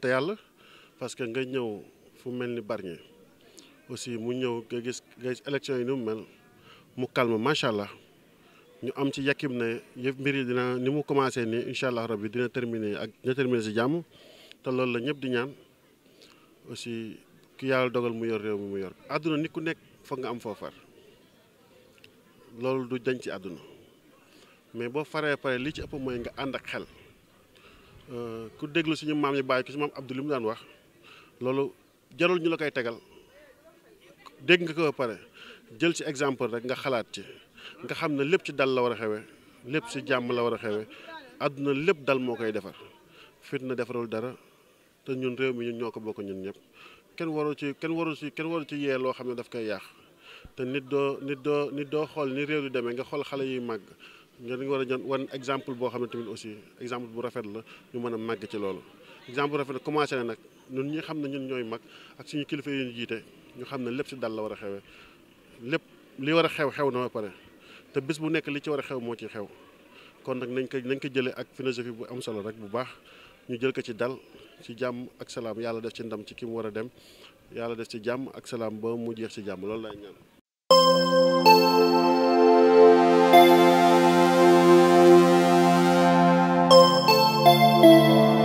sant yàlla parce que nga ñëw fu mel ni Bargny aussi mu ñëw nga gis nga yi ni mu mel mu calme macha allah ñu am ci yakim ne yëpp mbir yi dina ni mu commencé ni incha allah yi dina terminer ak dina terminer si jàmm te loolu la ñëpp di ñaan aussi ki yàlla dogal mu yor réew mi mu yor àdduna nit ku nekk foog nga am foo loolu du dañ ci àdduna mais boo faree pare li ci ëpp mooy nga ànd ak xel. Euh, ku déglu suñu maam yi bàyyi ko si maam Abdou li mu daan wax loolu jarul ñu la koy tegal dégg nga ko pare jël ci exemple rek nga xalaat ci nga xam ne lépp ci dal la war a xewe lépp si jàmm la war a xewe àdduna lépp dal moo koy defar fitna defarul dara te ñun réew mi ñun ñoo ko bokk ñun ñëpp kenn warul ci kenn warul ci kenn waru ci yee loo xam ne daf koy yàq te nit doo nit doo nit doo xool ni réew di demee nga xool xale yuy màgg ngeen ngi wara a jot example exemple boo xam tamit aussi exemple bu rafet la ñu mëna mag ci lool exemple rafet commencé na nag ñun ñi xam ñun ñoy mag ak suñu kilifa yeen jité ñu xam lepp ci si dal la wara xewé lepp li wara xew xew na paré pare te bis bu nekk li ci wara xew mo ci xew kon nak nañ ko nañ ko jëlé ak philosophie bu am solo rek bu baax ñu jël ko ci dal ci jamm ak salam yalla def ci ndam ci ki wara dem yalla def ci jamm ak salam ba mu jeex ci jamm lool lay ñaan Música